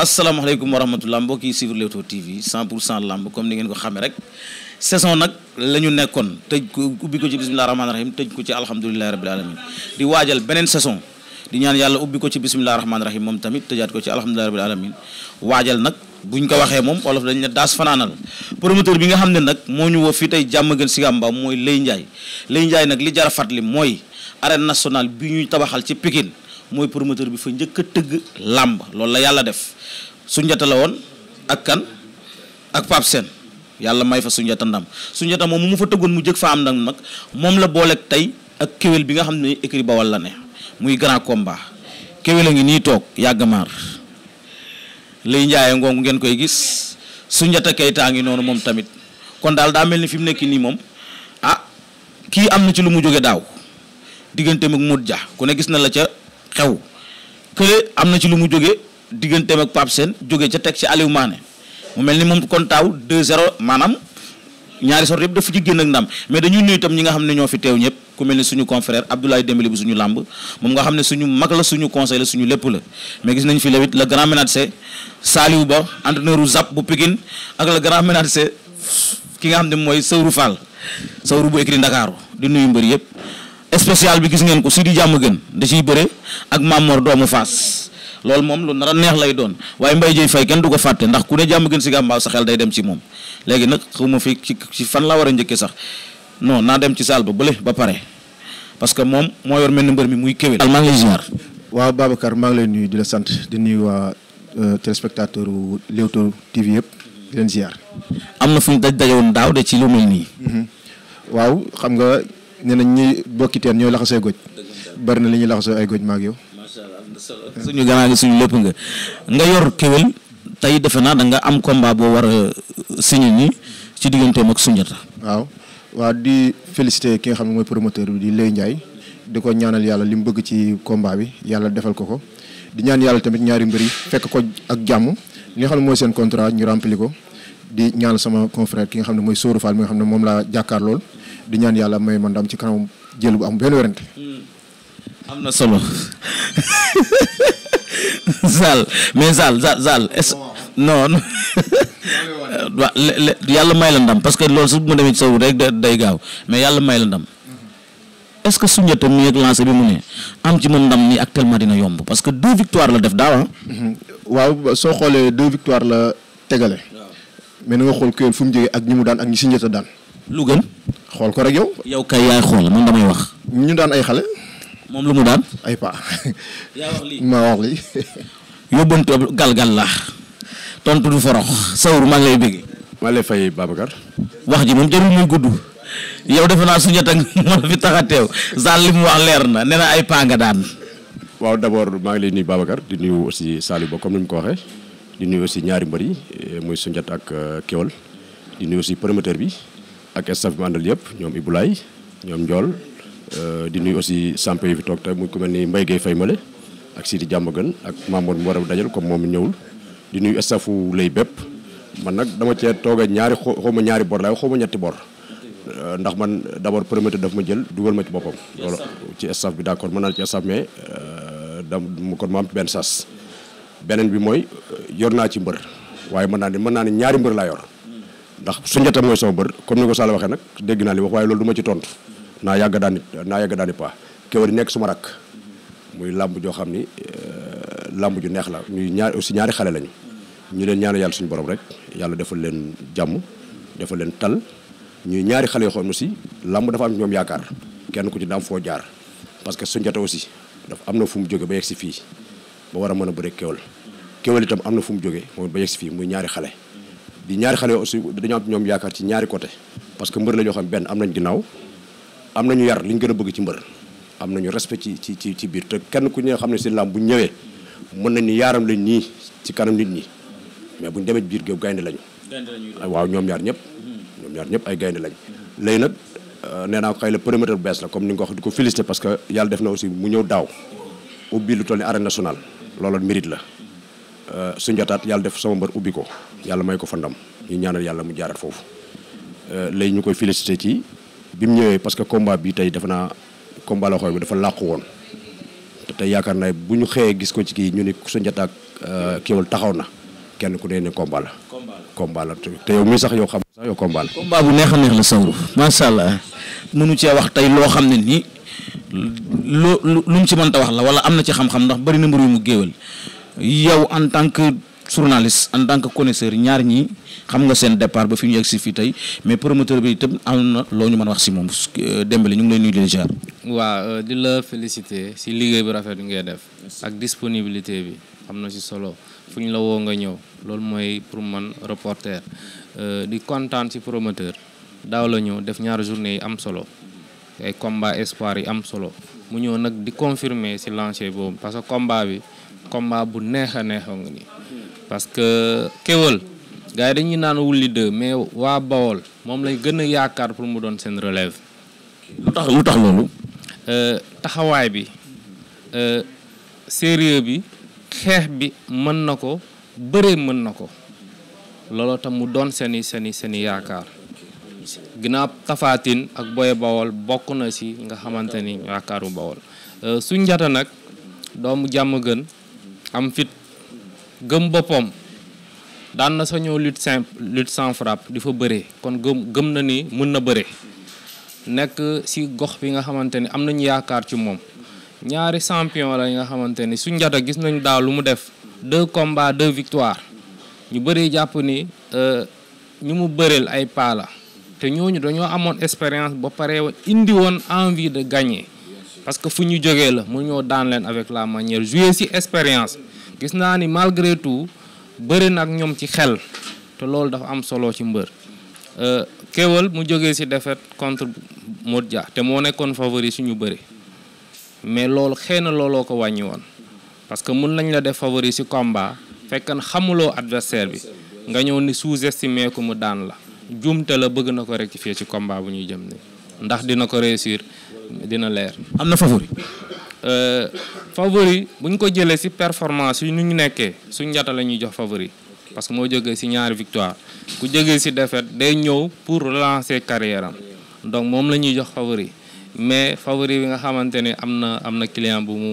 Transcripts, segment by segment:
asalaamaaleykum wa rahmatulah mbokk yi suivre Leewtoo TV 100 pour cent lamb comme ni ngeen ko xamee rek saison nag la ñu nekkoon tëj ko ubbi ko ci bisimilah rahmaani rahim tëj ko ci alhamdulilah rabil alamin di waajal beneen saison di ñaan yàlla ubbi ko ci bisimilah rahmaani rahim moom tamit tëjaat ko ci alhamdulilah rabil alamin waajal nag bu ñu ko waxee moom olof dañ ne daas fanaanal promoteur bi nga xam ne nag moo ñu woo fii tey jàmm a si gàmbaam mooy Lay Ndiaye Lay Ndiaye nag li jar a mooy arène nationale bi ñuy tabaxal ci Pikine. mooy promoteur bi fa njëkk a tëgg làmb loolu la yàlla def Sunjata la woon ak kan ak Pape yàlla may fa Sunjata ndam Sunjata moom mu fa tëggoon mu jëkk fa am ndam nag moom la booleeg tey ak kéwél bi nga xam ne écrit Bawol la ne muy grand combat kéwél a ngi nii toog yàgg maar lay njaaye ngoongu ngeen koy gis Sunjata Keita ngi noonu moom tamit kon daal daa mel ni fi mu nekk nii moom ah kii am na ci lu mu jóge daaw digganteem ak Modou Dia ku ne gis na la ca xew kële am na ci lu mu jóge digganteem ak Pape Sène jóge ca teg ci Aliou mu mel ni moom kon taaw 2-0 maanaam ñaari sort yëpp dafa ci génn ak ndam mais dañuy nuyu tam ñi nga xam ne ñoo fi teew ñëpp ku mel ni suñu confrère Abdoulaye Dembélé bu suñu làmb moom nga xam ne suñu mag la suñu conseil suñu lépp la mais gis nañ fi lewit le grand ménager Saliou Ba entraîneur u Zap bu Pikine ak le grand ménager ki nga xam ne mooy Sawru Fall Sawru bu écrit spécial bi gis ngeen ko Sidi jàmm gën da ciy bëre ak Mamor doomu Faas loolu moom lu nar neex lay doon waaye Mbaye Dieye Faye kenn du ko fàtte ndax ku ne jàmm gën si gàmbaaw sa xel day dem ci moom léegi nag xawma fi ci fan laa war a njëkkee sax non naa dem ci saal ba bële ba pare parce que moom moo yor mel ni mbër mi muy kéwél maa ngi lay ziar waaw Babacar maa ngi lay nuyu di la sant di nuyu waa euh, téléspectateur u Leewtoo TV yëpp di leen ziar am na fu ñu daj dajowoon daaw de ci lu mel nii mhm. nee nañ ñi bokki teen ñooy laxasee goj barina li ñuy laxasoo ay goj maag yow suñu ganaa ngi suñu lépp nga nga yor kéwél tey defe naa da nga am combat boo wara a euh, signé ñi ci digganteem ak suñata waaw waa di félicité ki nga xam ne mooy promoteur bi di Lay njaay di ko ñaanal yàlla li mu bëgg ci combat bi yàlla defal ko ko di ñaan yàlla tamit ñaari mbër yi fekk ko ak jàmm li nga xam ne mooy seen contrat ñu rempli ko di ñaanal sama confrère ki nga xam ne mooy Sóoru Fall xam ne laa jàkkaar di ñaan yàlla may ma ndam ci kanam jël bu am benn werante hmm. am na solo Zal mais Zal Zal Zal est yàlla may la ndam parce que lool su ma demee ci rek day gaaw mais yàlla may la ndam hmm. est-ce que suñu tam mi ak bi mu ne am ci moom ndam ni actuellement dina yomb parce que deux victoires la def daaw ah. hmm. waaw soo xoolee deux victoires la tegale mais na nga xool Kewel fu mu jógee ak ñi mu daan ak ñi si njëtt daan lu gën xool ko rek yow. yow kay yaay xool man damay wax. ñu daan ay xale. moom lu mu daan. ay paa. yaa wax lii ma wax lii. la tontu du forox sawru maa ngi lay bëgg. maa lay fay Babacar. wax ji moom jarul muy gudd. yow defe naa suñu tag moo fi tax a teew li mu wax leer na nee na ay paa nga daan. waaw d'abord maa ngi leen nii Babacar di nuyu aussi Saliou Ba comme ni mu ko waxee di nuyu aussi ñaari mbër yi eh, muy Sunjat ak euh, Kewal di nuyu aussi promoteur bi. ak staff bi mu àndal yëpp ñoom Ibulaay ñoom Njool euh, di nuy aussi sampe yi fi toog tey mu ko mel ni Mbaye Gueye Faye Male ak Sidi Diamaguène ak Mamour mu war a dajal comme moom ñëwul di nuy staffu lay bépp man nag dama cee toog ñaari xaw ma ñaari boor laay xaw ma ñetti boor euh, ndax man d'abord premier daf ma jël dugal ma ci boppam. loolu ci staff bi d'accord mën naa ci staff mais euh, dama kon ma benn sas beneen bi mooy yor naa ci mbër waaye man naa ne mën naa ne ñaari mbër laa yor. ndax Sunjata mooy sama bër comme ni ko Sall waxee nag dégg naa li wax waaye loolu du ci tontu naa yàgg daan naa yàgg daani paa kéwél nekk suma rakk muy làmb joo xam ni euh, làmb ju neex la ñuy ñaar aussi ñaari xale lañu ñu leen ñaanu yàlla suñu borom rek yàlla defal leen jàmm defal leen tal ñuy ñaari xale yoo xam si làmb dafa am ñoom yaakaar kenn ku ci daam foo jaar parce que Sunjata aussi dafa am na fu mu jóge ba yegg si fii ba war a mën a bëre kéwél kéwél itam am na fu mu jóge moom ba si fii muy ñaari xale di ñaari xale aussi dañoo am ñoom yaakaar ci ñaari côté parce que mbër la ñoo xam benn am nañ ginnaaw am nañu yar li ñu gën a bëgg ci mbër am nañu respect ci ci ci biir te kenn ku ñi xam ne si làmb bu ñëwee mën nañ ni yaaram lañ nii ci kanam nit ñi mais buñ demee biir géew gaynde lañu ah, waaw ñoom ñaar ñëpp hmm. ñoom ñëpp ay gaynde lañ léegi nag euh, nee naa ko xëy la premier bees la comme ni nga ko di ko félicité parce que yàlla def na aussi mu ñëw daaw ubbi lu toll ni arène nationale loolu la Euh, su njotaat yàlla def sama mbër ubbi ko yàlla may ko fa ñu ñaanal yàlla mu jaarat foofu euh, léegi ñu koy félicité ci bi mu ñëwee parce que combat bi tey defe naa combat la xooy bi dafa làqu woon te tey yaakaar naa bu ñu xëyee gis ko ci kii ñu ni su njotaak euh, kéwal taxaw na kenn ku dee ne combat la combat la te yow mii sax yow xam sax yow combat la combat bu neex a neex la sawru macha allah mënu cee wax tey loo xam ne nii lu lu mu ci mënta wax la wala am na ci xam-xam ndax bari na mbir yu mu géewal yow en tan que journaliste en tant que connaisseur ñaar ñi xam nga seen départ ba fi ñu yegg si fii tey mais promoteur bi itam am na loo ñu mën wax si moom Dembélé ñu ngi lay nuyu di la jaar. Euh, di la féliciter si liggéey bu rafet bi ngay def. ak disponibilité bi am na si solo fu ñu la woo nga ñëw loolu mooy pour man reporter euh, di kontaan si promoteur daaw la ñëw def ñaar journée yi am solo ay combat espoir yi am solo mu ñëw nag di confirmer si lancer boobu parce combat bi. combat bu neex a neex nga nii parce que Kéwel gars yi dañuy naan wulli deux mais waa Bawol moom lañ gën a yaakaar pour mu doon seen relève. lu tax lu tax loolu. Euh, taxawaay bi euh, sérieux bi xeex bi mën na ko bëree mën na ko looloo tam mu doon seeni seeni seeni yaakaar ginnaaw tafaatin ak boye bawol bokk na ci nga xamante ni yaakaaru bawol euh, su njata nag doomu jàmm gën am fit gëm boppam daan na sa ñëw lut simple lutte sans frappe di fa bëree kon gëm gëm na ni mën na bëree nekk si gox bi nga xamante ni am nañu yaakaar ci moom ñaari champion la nga xamante ni su njata gis nañu daaw lu mu def deux combats deux victoires ñu bëree jàpp ni euh, ñu mu bëreel ay paala te ñooñu dañoo amoon expérience ba pare indi woon envie de gagner parce que fu ñu jógee la mu ñoo daan leen avec la manière jouer ci expérience gis naa ni malgré tout bëri nag ñoom ci xel te loolu dafa am solo ci mbër euh, kéwal mu jógee ci défaite contre Modja te moo nekkoon favori suñu bëri mais loolu xëy na looloo ko wàññi woon parce que mun nañ la def favori ci combat fekk na xamuloo adversaire bi nga ñëw ni sous-estimé ko mu daan la jumte la bëgg na ko rectifier ci combat bu ñuy jëm nii ndax dina ko réussir dina leer. am na favori. Euh, favori bu ñu ko jëlee si performance yi nu ñu nekkee suñ njata la ñuy jox favori parce que moo jógee si ñaari victoire ku jógee si défaite day ñëw pour relancer carrière donc moom la ñuy jox favori. mais favori bi nga xamante ne am na am na client bu mu.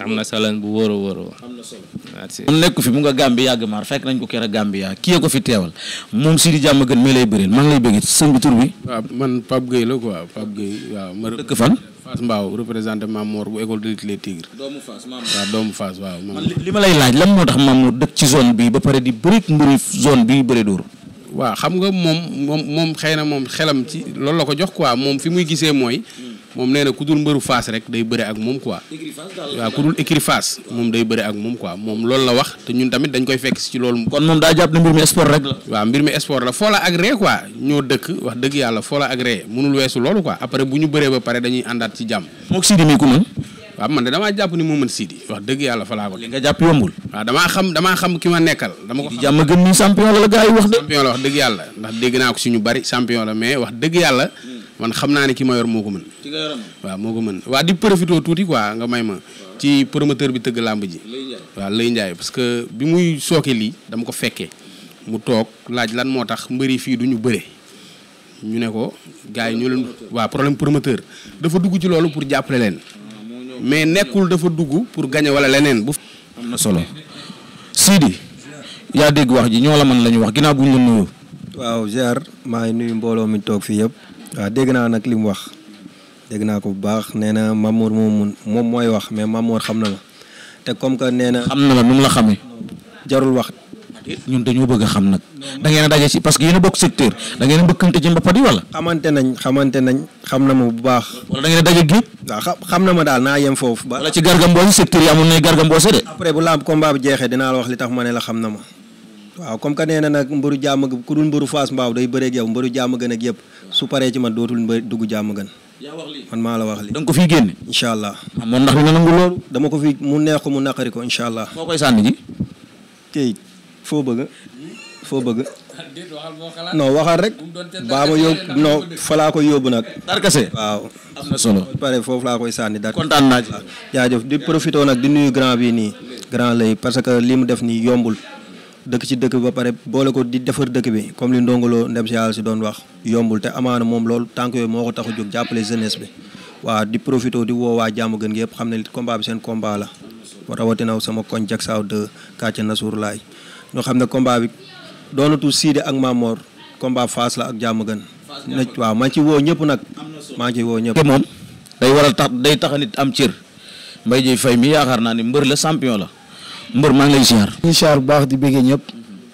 am na salan bu wóor a wóor a na solo nekk fi mu nga Gambie yàgg maar fekk nañ ko keroog Gambia kii ko fi teewal moom si Sidi jàmm gën mi lay bëreel man lay bëgg sëñ bi tur bi. waaw man Pape Gueye la quoi Pape Gueye waaw. ma dëkk fan. Fass Mbao représenté bu école de lutte les Tigres. doomu Fass Mamour waaw man li ma lay laaj lan moo tax Mamour dëkk ci zone bi ba pare di bëri mbiri zone bi bëri door waaw xam nga moom moom moom xëy na moom xelam ci loolu la ko jox quoi moom fi muy gisee mooy. moom nee na ku dul mbëru faas rek day bëre ak moom quoi. waaw ku dul écrit moom day bëre ak moom quoi moom loolu la wax te ñun tamit dañ koy fekk ci loolu. kon moom daa jàpp na mbir mi sport rek la. mbir mi sport la foo la agré quoi ñoo dëkk wax dëgg yàlla foola la agré mënul weesu loolu quoi après bu ñu bëree ba pare dañuy àndaat ci jàmm. moog Sidi mi ku waaw man de damaa jàpp ni moo mën Sidi wax dëgg yàlla fa ko. li nga jàpp yombul. waaw damaa xam damaa xam ki ma nekkal. dama ko xam jàmm gën ni champion la gars yi wax de. champion la wax dëgg yàlla ndax dégg naa ko si ñu bari champion la mais wax dëgg yàlla. Hmm. man xam naa ne ki ma yor moo ko mën. ki moo ko mën waa di profité tuuti ko nga may ma. ci promoteur bi tëgg làmb ji. waaw Lay Ndiaye parce que bi muy sooke lii dama ko fekkee mu toog laaj lan moo tax mbëri fii du ñu bëre ñu ne ko gaa yi ñu leen waa problème promoteur dafa dugg ci loolu pour jàppale leen mais nekkul dafa dugg pour gagner wala leneen bu. am na solo Sidi. yaa dégg wax ji ñoo la mën la wax ginnaaw bu ñu la waaw ziar maa ngi nuyu mbooloo mi toog fii yëpp. waaw dégg naa nag li mu wax. dégg naa ko bu baax nee na Mamour moom moom mooy wax mais Mamour xam na la te comme que nee na. xam na la nu mu la xamee. jarul wax ñun dañoo bëgg a xam nag da ngeen a daje ci parce que yéen a bokk secteur da ngeen a mbëkkante ci mbapat yi wala. xamante nañ xamante nañ xam na ma bu baax. wala da a daje géej. waaw xam na ma daal naa yem foofu. ba wala ci gargamboose secteur yi amul nay gargamboose de. après bu laam combat bi jeexee dinaa la wax li tax ma ne la xam na ma. waaw comme que nee na nag mbëru jàmm ku dul mbëru Fass Mbaaw day bëreeg yow mbëru jàmm gën ak yëpp su paree ci man dootul mbër dugg la wax li da nga ko fiy génne loolu dama ko fi mu neex ko mu naqari ko incha allah foo bëgg foo bëgg. non waxal rek. baa ma yóbbu non fa laa koy yóbbu nag. darkase waaw. am na solo foofu laa koy sànni darkase. kontaan naa di profité nag di nuyu grand bi nii. grand lay parce que li mu def nii yombul. dëkk ci dëkk bi ba pare boole ko di defar dëkk bi comme li ndongoloo ndem si yàlla si doon wax yombul te amaana moom loolu tànk yooyu moo ko tax a jóg jàppale jeunesse bi waaw di profité di woo jàmm gën gi yëpp xam ne combat bi seen combat la rawatina sama koñ jagsaaw de quartier Nassour Laye ñu xam ne combat bi sii de ak Mamor combat Fass la ak jàmm gën. na waaw maa ci woo ñëpp nag. maa ci woo ñëpp. moom day war a tax day tax nit am cër Mbaye Dieye fay mi yaakaar naa ne mbër la champion la mbër maa ngi lay ziar. ñu ziar baax di bëggee ñëpp.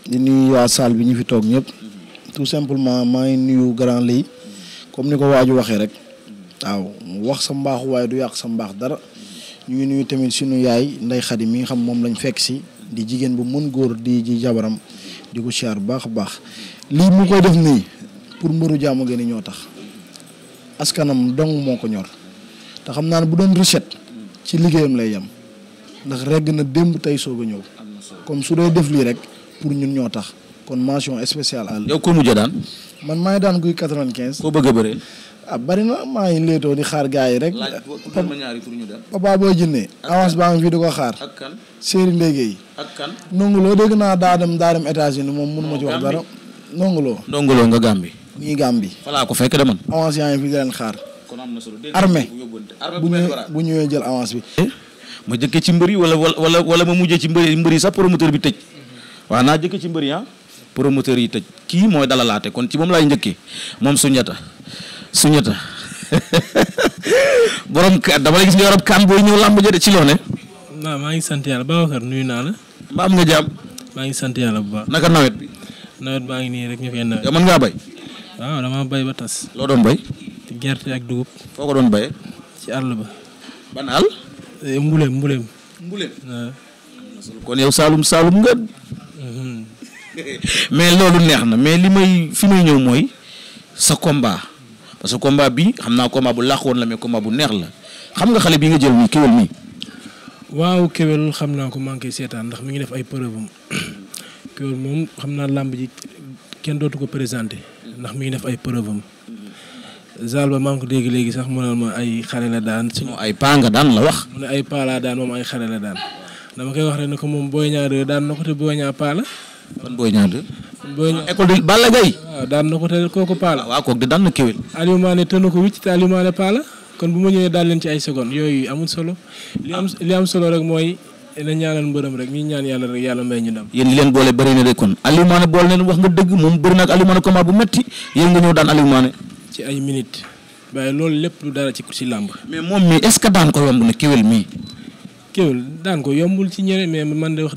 di nuyu waa salle bi ñu fi toog ñëpp. tout simplement maa ngi nuyu grand lay comme ni ko waaju waxee rek. waaw wax sa mbaax waaye du yàq sa mbaax dara ñu ngi nuyu tamit suñu yaay nday xadi mi nga xam moom lañ fekk si di jigéen bu mën góor di ji jabaram di ko siyaar bu baax a baax lii mu koy def nii pour mbëru jàmm gën ñoo tax askanam dong moo ko ñor te xam naa ne bu doon recette ci liggéeyam lay yem ndax regg na démb tey soog a ñëw comme su dee def lii rek pour ñun ñoo tax kon mention spéciale. yow ko mujj daan. man maay daan kuy quatre-vingt-quinze. koo bëgg a bëree. ah bari na maa ngi léetoo di xaar gaa yi rek. laaj ma ñaari pour ñu dem. Papa Boy Djiné avance baa ngi fi di ko xaar. ak kan Serigne Ndege ak kan nonguloo dégg naa daa dem daa dem États-Unis moom mënu ma ci wax dara. nonguloo nonguloo nga Gambie. bi Gambie. voilà ko fekk de man. avance yaa ngi fi di leen xaar. kon am na solo armée bu bu ñëwee jël avance bi. Eh? ma jëkkee ci mbëri wala wala wala ma mujjee ci mbëri mbëri sax promoteur bi tëj. waaw naa jëkkee ci mbëri ah. promoteur yi tëj kii mooy dalalaate kon ci moom laay njëkkee moom suñu suñata borom ka dama lay gis nga yorob kan booy ñëw làmb jëde ci loone waaw maa ngi sant yàlla Babacar nuyu naa la ba am nga jàmm maa ngi sant yàlla bu baax naka nawet bi nawet baa ngi nii rek ñu fee ngaa bay waaw bay ba tas loo doon bay gerte ak dugub foo ko doon bayee ci àll ba ban àll eh, mbuleem mbuleem mbuleem kon yow saalum mhm. neex na mais li may fi may ñëw mooy sa combat parce que combat bi xam naa combat bu làq woon la mais combat bu neex la xam nga xale bi nga jël nii kéwél nii. waaw kéwél xam naa ko manqué seetaan ndax mi ngi def ay preuve am kéwél moom xam naa làmb ji kenn dootu ko présenté ndax mi ngi def ay preuve am Zal ba maa ngi ko dégg léegi sax mu ne ma ay xale la daan. suñu ay paa nga daan la wax. mu ne ay paa laa daan moom ay xale la daan dama koy wax rek ne ko moom Boy Niang daan na ko te Boy Niang paa la. ban Boy Niang. Boy Niang école de Balla Gaye waaw daan na ko te kooku paala ah, waaw kooku de daan na kéwél Aliou Mané te na ko wicc te Aliou Mané paala kon bu ma ñëwee daal leen ci ay secondes yooyu amul solo li am solo rek mooy na ñaanal mbërëm rek ñi ñaan yàlla rek yàlla may ñu ndam yéen li leen boole bëri de kon Aliou boole leen wax nga dëgg moom bëri ak Aliou ci ay minutes waaye loolu lépp dara ci làmb mais moom mii est que daan ko yomb na kéwél mii kéwél daan ko yombul ci ñeneen mais man de wax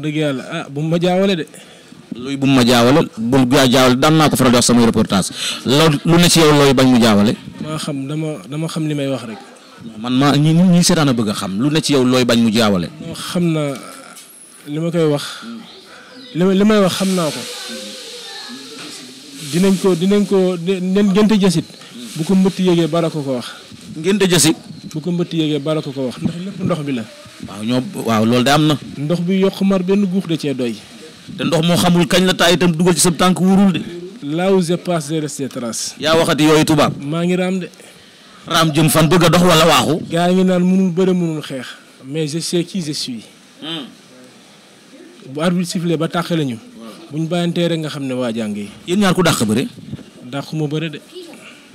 luy bu ma jaawale bul gaa jaawale daan naa ko faral di wax samay reportage loolu lu ne ci yow looy bañ mu jaawale. maa xam dama dama xam li may wax rek. man maa ñi ñi seetaan a bëgg a xam lu ne ci yow looy bañ mu jaawale. xam naa ma koy wax li li may wax xam naa ko dinañ ko dinañ ko dinañ ngénte jasit bu ko mbëtt yéegee bara ko ko wax. ngénte jasit. bu ko mbëtt yéegee bara ko ko wax ndax lépp ndox bi la. waaw ñoo waaw loolu de am na. ndox bi yokk mar benn guux da cee doy. te ndox moo xamul kañ la taay itam dugal ci sa tànk wóorul de. là où je passe je reste trace. yaa waxati yooyu tubaab. maa ngi raam de. raam jëm fan bëgg a dox wala waaxu. gaa ngi naan mënul bëre mënul xeex. mais je sais qui je suis. Hmm. bu arbitre sifflé ba tàqale ñu. bu ñu bàyyantee rek nga xam ne waa jàng yi. yéen ñaar ku dàq bëre. dàquma bëre de.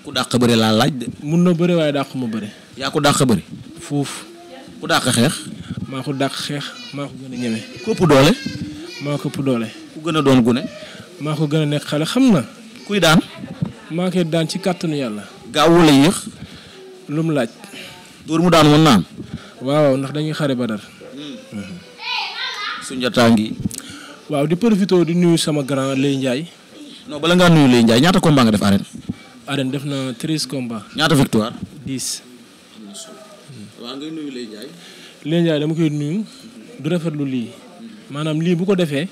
ku dàq bëre laa laaj de. mën na bëre waaye dàq dàquma bëre. yaa ko dàq bëre. fuuf. ku dàq xeex. maa ko dàq xeex maa ko gën a ñeme. képp doole. maa ko ëpp ku gën a doon gune. maa ko gën a nekk xale xam na. kuy daan. maa koy daan ci kàttanu yàlla. gaaw wala yéex. lu mu laaj. dóor mu daan mën naan. waaw ndax dañuy xare ba suñu jotaa ngi. waaw di profité di nuyu sama grand Lay Ndiaye. bala ngaa nuyu Lay Ndiaye ñaata komba nga def arène. arène def na trise komba ñaata victoire. dix. waaw ngay nuyu Lay Ndiaye. dama koy nuyu. du rafetlu lii. maanaam lii bu ko defee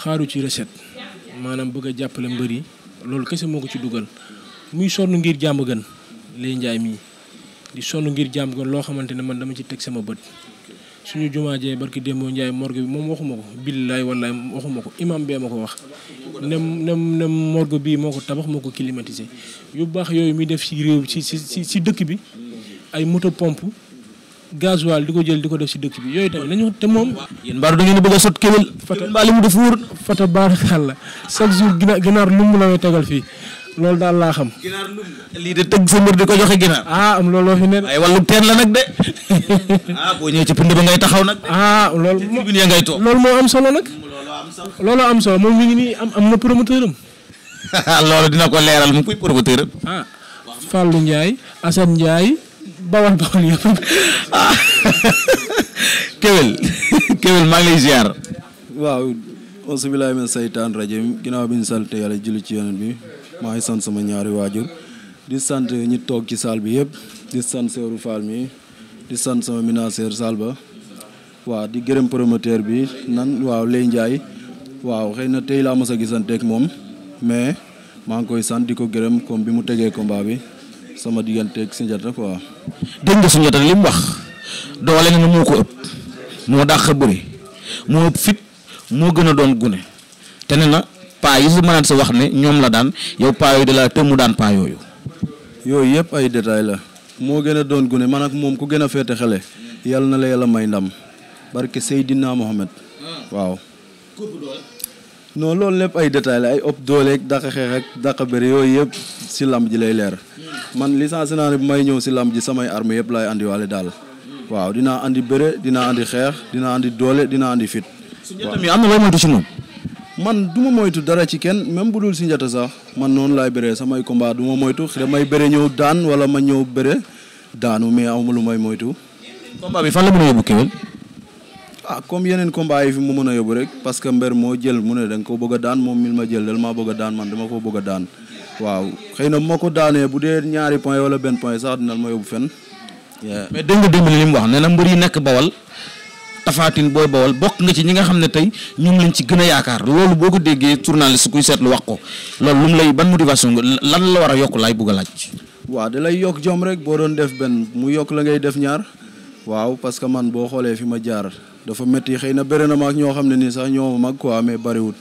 xaaru ci reset maanaam bëgg a jàppale mbër yi loolu kese moo ko ci dugal muy sonn ngir jàmm gën lay njaay mii di sonn ngir jàmm gën loo xamante ne man dama ci teg sama bët suñu jumaa jee barki démboo njaay morgue bi moom waxuma ko billaay wallaay waxuma ko imam ma ko wax nem nem nem morgue bii moo ko tabax moo ko climatisé yu baax yooyu muy def ci réew ci ci dëkk bi ay moto pompe gasoil di ko jël di ko def si dëkk bi yooyu tamit nañu te moom. yéen mbaaru da bëgg a sot kéwél. Fata mbaa li mu def wóor. Fata baar xàlla chaque jour ginaar ginaar la may tegal fii loolu daal laa xam. lii de tëgg sa mbër di ko joxe ginaar. ah am looloo fi la nag de. ah boo ñëwee ci ba ngay taxaw nag. ah loolu moom tribune ya ngay moo am solo nag. loolu am solo moom mi ngi nii am am na promoteur am. loolu dina ko leeral mu kuy promoteur am. ah Fallou Ndiaye Assane Ndiaye. bawal bawal yëpp ah Kewel Kewel maa ngi lay ziar. waaw auzubillahi min saytaan rajim ginnaaw bi ñu sant yàlla julli ci yonent bi maa ngi sant sama ñaari waajur di sant ñi toog ci saal bi yëpp di sant Seydou Fall mi di sant sama minaseer saal ba waa di gërëm promoteur bi nan waaw Lay Ndiaye waaw xëy na tey laa mos a gisanteeg moom mais maa ngi koy sant di ko gërëm comme bi mu tegee kombaa bi. sama digganteeg Sunjata quoi. dégg nga Sunjata li mu wax doole na moo ko ëpp moo dàq bëri moo ëpp fit moo gën a doon gune te ne na paa yi su mënaan sa wax ne ñoom la daan yow paa de laa la daan paa yooyu. yooyu yëpp ay détails la. moo gën a doon gune man ak moom ku gën a féete xale yàlla na la yàlla may ndam barke Seydina Mohamed hmm. waaw. non loolu lépp ay détails la ay ëpp dooleeg dàqa xeex ak dàqa bëri yooyu yëpp si lamb ji lay leer man licence naa ne bu may ñëw si lamb ji samay armes yëpp laay andiwaale daal waaw dinaa andi bëre dinaa andi xeex dina andi doole dina andi fit. su am na looy moytu man du ma moytu dara ci kenn même bu dul si njata sax man noonu laay bëree samay combat du ma moytu may bëre ñëw daan wala ma ñëw bëre daanu mais amuma lu may moytu. combat bi fan la mën a yóbbu Kewel ah comme yeneen combat yi fi mu mën a yóbbu rek parce que mbër moo jël mu ne da ko bëgg a daan moom mi ma jël dal maa bëgg a daan man dama ko bëgg a daan waaw xëy ko daanee bu dee ñaari point wala benn point sax dina ma yóbbu fenn. mais dégg nga démb li mu wax nee na mbër yi nekk bawal tafaatin booy bawal bokk nga ci ñi nga xam ne tey ñoom lañ ci gën a yaakaar loolu boo ko déggee journaliste kuy seetlu wax ko loolu lu mu lay ban lan la war a yokk laay bugg a laaj. waaw da lay yokk jom rek boo doon def benn mu yokk la ngay def ñaar waaw parce que man boo xoolee fi ma jaar dafa métti xëy na bëri na ma ñoo xam ne nii sax ñoo mag quoi mais bëriwut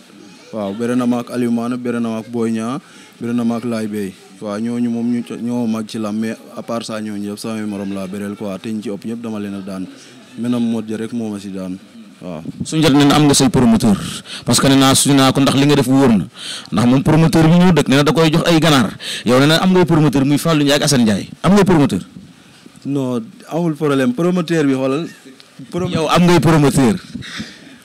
waaw bëri na ma ak Aliou Mané bëri na ma ak Boy Niang bëri na ma ak Bey waaw ñooñu moom ñu ñoo mag ci lam mais à part ça ñooñu yëpp samay morom laa bëreel quoi te ñu ci ëpp ñëpp dama leen a daan menam mot ja rek moo a si daan waaw su njot ne na am nga promoteur na ndax moom promoteur bi ñëw dëkk ne da koy nga promoteur muy Fallou Ndiaye ak Assane Ndiaye am nga promoteur non amul problème promoteur bi xoolal yow am ngay promoteur.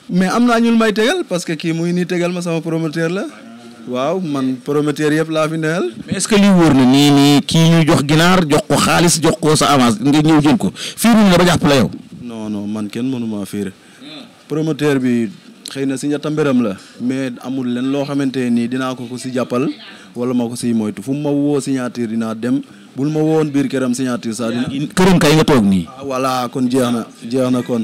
mais am naa ñul may tegal parce que kii muy nii tegal ma sama promoteur la waaw man promoteur yëpp laa fi neel. mais est-ce que lii wóor na nii nii kii ñu jox ginaar jox ko xaalis jox ko sa avance nga ñëw jël ko fiiruñ la ba jàpp la yow. non non man kenn mënuma fiir promoteur bi xëy na si ñetta mberam la mais amul leen loo xamante nii dinaa ko ko si jàppal wala ma ko si moytu fu mu ma woo signature dinaa dem. bul ma woon biir këram signature sa këram kay nga toog nii. Ah, voilà kon jeex na jeex na kon.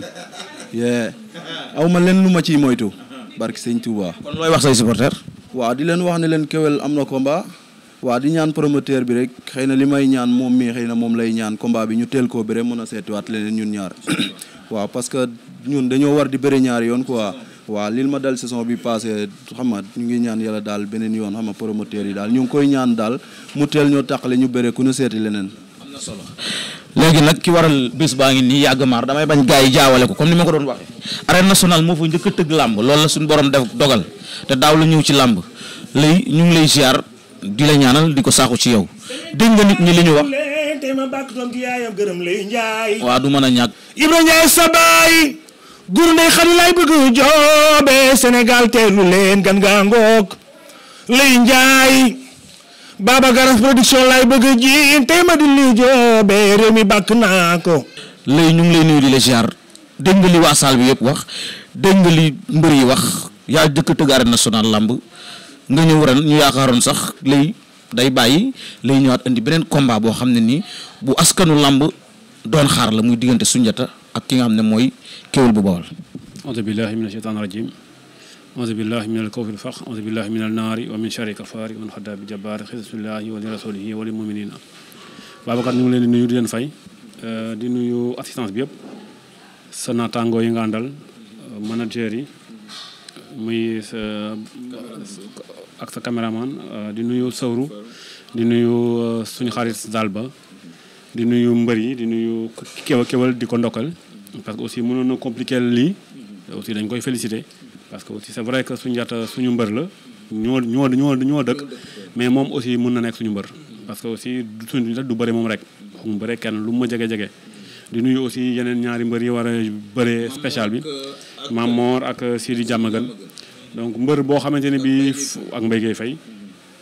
aw ma leen lu ma ciy moytu. barki sëñ Touba. kon looy waa di leen wax ne leen Kewel am na combat. waa di ñaan promoteur bi rek xëy na li may ñaan moom mii xëy na moom lay ñaan combat bi ñu teel ko bëre mën a seetiwaat leneen ñun ñaar waaw parce que ñun dañoo war di bëre ñaar yoon quoi. waaw lil ma dal saison bi passé xam nga ñu ngi ñaan yàlla daal beneen yoon xam promoteur yi daal ñu ngi koy ñaan daal mu teel ñoo tàqale ñu bëre ku ñu seeti leneen. na solo léegi nag ki waral bis baa ngi nii yàgg maar damay bañ gars yi jaawale ko comme ni ma ko doon waxee. arène nationale moo fa njëkk a tëgg làmb loolu la suñu borom def dogal te daaw la ñëw ci làmb lay ñu ngi lay ziar di la ñaanal di ko saaxu ci yaw dégg nga nit ñi li ñu wax. waaw du mën a ñàkk. Ibrahima Ndiaye sa baay gurndey xali lay bëgg joobe Sénégal teelu leen gan gaa ngoog lay njaay Baba Garage production lay bëgg jiin tey ma di lii joobe réew mi bàkk naa ko lay ñu ngi lay nuyu di la ziar dégg waa saal bi yëpp wax dégg mbër yi wax yaa jëkk tëgg arène national làmb nga ñëw ren ñu yaakaaroon sax lay day bàyyi lay ñëwaat indi beneen combat boo xam ne nii bu askanu làmb doon xaar la muy diggante sunjata ak ki nga xam ne mooy kéwél bu bawal auzu billahi min asheytaan rajim auzu billahi min al kawfil faq auzu billahi min al naari wa min sharri kafaari man xadda bi jabaar xisbillahi wa li rasulihi wa li muminina Babacar ñu ngi leen di nuyu di leen euh, di nuyu assistance bi yëpp sa naataangoo yi nga ndal euh, manager yi muy sa ak sa caméraman euh, di nuyu sawru di nuyu suñu daal ba di nuyu mbër yi di nuyu kéwal kéwal di ko ndokkal parce que aussi mënoon na compliquer lii aussi dañ koy félicité parce que aussi c'est vrai que suñu Ndiatta suñu mbër la ñoo ñoo ñoo ñoo dëkk mais moom aussi mën na nekk suñu mbër parce que aussi suñu Ndiatta du bëre moom rek mu bëre kenn lu ma jege-jege di nuyu aussi yeneen ñaari mbër yi war a bëre spécial bi Mam Mor ak Sidi Diamagan donc mbër boo xamante ne bii ak Mbaye Gueye Faye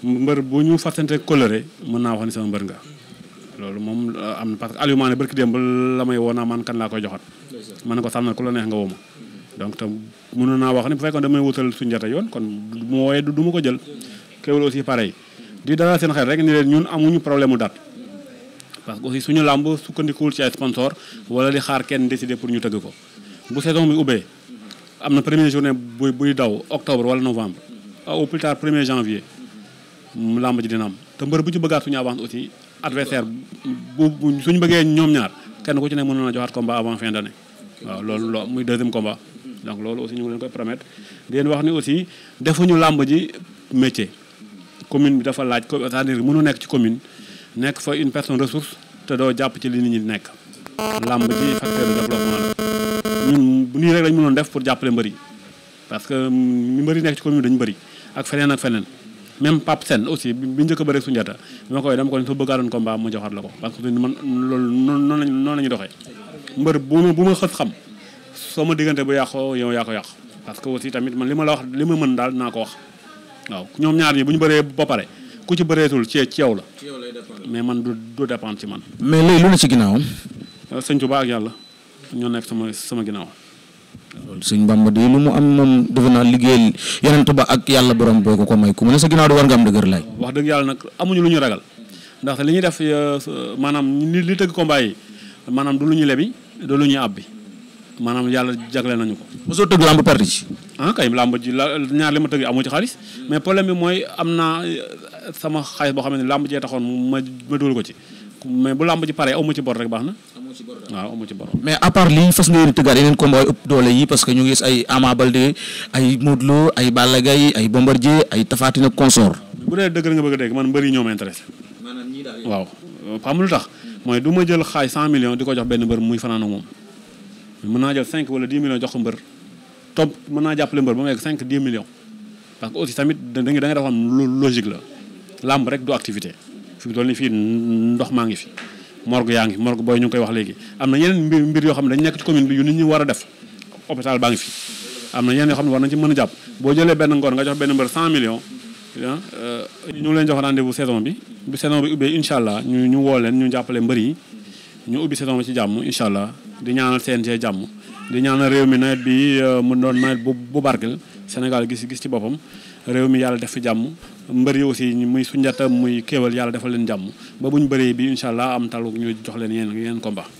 mbër bu ñu fàttante coloré mën naa wax sama mbër nga loolu moom euh, am na parce que Aliou Mané barki démb la may woo naa man kan laa koy joxat man ne ko sànnal ku la neex nga woo ma donc tam mënoon naa wax ne bu fekkoon damay wutal suñu jota yoon kon bu ma du ma ko jël Keweul aussi pareil di dalal seen xel rek ni leen ñun amuñu problème mu date parce que aussi suñu làmb sukkandikuwul ci ay sponsor wala di xaar kenn décider pour ñu tëgg ko bu saison bi ubbee am na première journée buy buy daw octobre wala novembre au plus tard premier janvier làmb ji dina am te mbër bu ci bëggaat adversaire bu bu suñu bëggee ñoom ñaar kenn ku ci ne mën na joxaat combat avant fin d'année waaw loolu loo muy deuxième combat donc loolu aussi ñu ngi leen koy promettre di wax ni aussi defuñu làmb ji métier commune bi dafa laaj c'est-à-dire mënu nekk ci commune nekk fa une personne ressource te doo jàpp ci li nit ñi nekk làmb ji facteur de développement la ñun bu nii rek lañ mënoon def pour jàppale mbër yi parce que ñu mm, mbër nekk ci commune bi dañu bëri ak feneen ak feneen même Pape Sène aussi bi njëkk ba rek Sunjata bi ma koy dama ko ne soo bëggaaloon combat ko parce que man loolu noonu lañu noonu la ñuy doxee mbër xam soo ma diggante bu yàqoo yow yaa ko yàq parce que aussi tamit man li ma la wax li ma mën daal naa ko wax waaw ñoom ñaar ñi bu ñu bëree ba pare ku ci bëreetul ci ci yow la mais man du du dépendre ci man mais léegi lu ne ci ginnaawam euh, sëñ Tuubaa ak yàlla ñoo nekk sama sama ginnaaw loolu sëñ Bamba de lu mu am moom defe naa liggéeyal yonent ba ak yàlla boroom boo ko ko may ku mu sa ginnaaw di war nga am dëgër laay. wax dëgg yàlla nag amuñu lu ñu ragal ndaxte li ñuy def euh, maanaam li li tëgg combat yi maanaam du lu ñu lebi du lu ñu maanaam yàlla jagle nañu ko. soo tëgg làmb parti ci. ah kay làmb ji la ñaar li ma tëgg amu ci xaalis mais problème bi mooy am na euh, sama xaalis boo xam ne làmb jee taxoon ma ma dugal ko ci mais bu làmb ji paree aw ci bor rek baax na. waaw amu ci mais à part lii fas nga yéene tëggaat yeneen combat yu ëpp doole yi parce que ñu ngi gis ay Ama ay Modou Lo ay Balla Gaye ay Bombardier ay Tapha consort bu dee dëgg nga bëgg a dégg man mbëri ñoo ma intéressé waaw xam lu tax mooy du ma jël xaay cent million di ko jox benn mbër muy fanaana moom mën naa jël cinq wala di millions jox ko mbër topp mën naa jàppale mbër ba mu yegg cinq dix millions parce que aussi tamit da nga da nga dafa logique la làmb rek du activité fi mu toll nii maa ngi fi morgue yaa ngi morgue booy ñu ngi koy wax léegi am na yeneen mbir mbir yoo xam ne dañ nekk ci commune bi yu nit ñi war a def hôpital baa ngi fi am na yeneen yoo xam ne war nañ ci mën a jàpp boo jëlee benn ngoor nga jox benn mbër 100 millions ah, euh, ñu ngi leen jox rendez bu saison bi bu saison bi ubbee incha allah ñu ñu woo leen ñu jàppale mbër yi ñu ubbi saison bi ci jàmm incha allah di ñaanal CNG jàmm di ñaanal réew mi nawet bi euh, mu doon nawet bu bu barkeel Sénégal gis gis ci boppam réew mi yàlla def fi jàmm mbër yi aussi muy Sunjata muy Kéwel yàlla defal leen jàmm ba bu bëree bi incha allah am talu ñu jox leen yeneen ko combat